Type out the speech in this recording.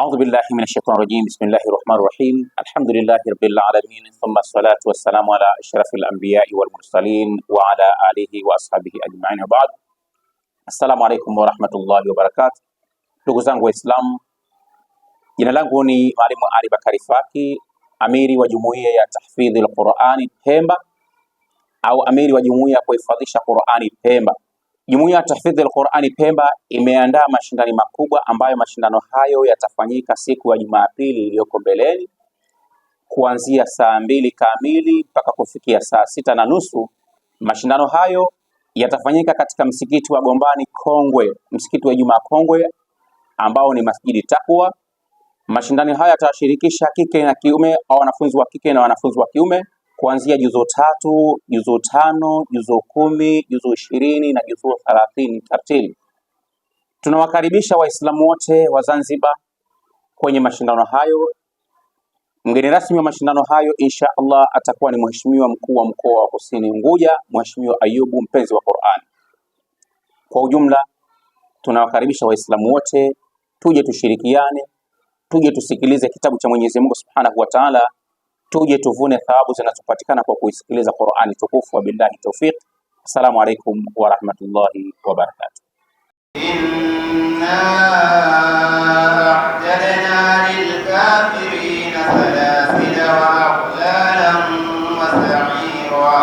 أعوذ بالله من الشيطان الرجيم بسم الله الرحمن الرحيم الحمد لله رب العالمين ثم الصلاة والسلام على أشرف الأنبياء والمرسلين وعلى آله وأصحابه أجمعين بعد السلام عليكم ورحمة الله وبركاته تغزان وإسلام جنا لغوني معلم علي بكري فاكي أميري وجموية تحفيظ القرآن بهمبا أو أميري وجموية قوي كويفاضيش القرآن بهمبا Jumuiya ya Tahfidhi al-Qur'ani Pemba imeandaa mashindano makubwa ambayo mashindano hayo yatafanyika siku ya Jumapili iliyoko mbeleni kuanzia saa mbili kamili mpaka kufikia saa sita na nusu. Mashindano hayo yatafanyika katika msikiti wa Gombani Kongwe, msikiti wa Jumaa Kongwe ambao ni Masjidi Takwa. Mashindano haya yatashirikisha kike na kiume au wanafunzi wa kike na wanafunzi wa kiume kuanzia juzo tatu, juzo tano, juzo kumi, juzo ishirini na juzo thalathini tartili. Tunawakaribisha Waislamu wote wa Zanzibar kwenye mashindano hayo. Mgeni rasmi wa mashindano hayo insha Allah atakuwa ni Mheshimiwa Mkuu wa Mkoa wa Kusini Unguja, Mheshimiwa Ayubu mpenzi wa Qur'an. Kwa ujumla tunawakaribisha Waislamu wote tuje tushirikiane, tuje tusikilize kitabu cha Mwenyezi Mungu Subhanahu wa Ta'ala tuje tuvune thawabu zinazopatikana kwa kuisikiliza Qur'ani tukufu. billahi tawfiq, assalamu alaikum wa rahmatullahi wa barakatuh. Inna a'tadna lil kafirina salafila wa aghlalan wa sa'ira